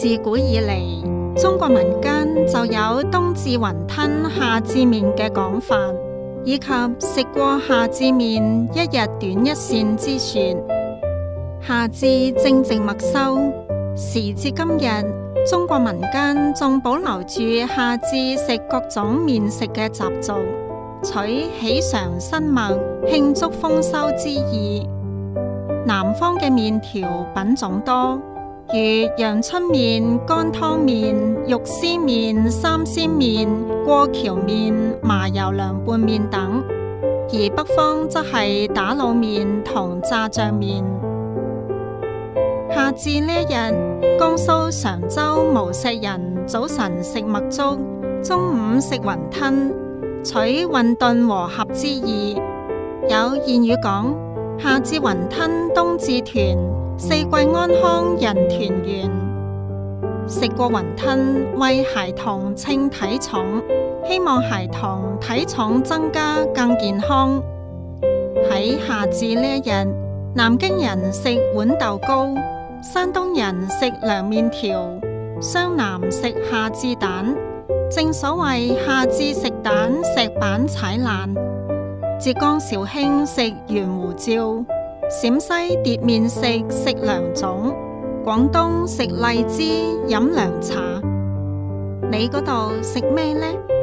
自古以嚟，中國民間就有冬至雲吞、夏至麵嘅講法，以及食過夏至麵，一日短一線之說。夏至正值麥收，時至今日，中國民間仲保留住夏至食各種麵食嘅習俗，取喜嘗新麥、慶祝豐收之意。南方嘅麵條品種多。如陽春麵、乾湯麵、肉絲麵、三鮮麵、過橋麵、麻油涼拌麵等；而北方則係打滷麵同炸醬麵。夏至呢一日，江蘇常州無錫人早晨食麥粥，中午食雲吞，取混沌和合之意。有諺語講：夏至雲吞，冬至團。四季安康人團圓，食過雲吞，為孩童稱體重，希望孩童體重增加更健康。喺夏至呢一日，南京人食豌豆糕，山東人食涼麵條，湘南食夏至蛋。正所謂夏至食蛋，石板踩爛，浙江紹興食圓糊醮。陝西疊麵食食涼粽，廣東食荔枝飲涼茶，你嗰度食咩呢？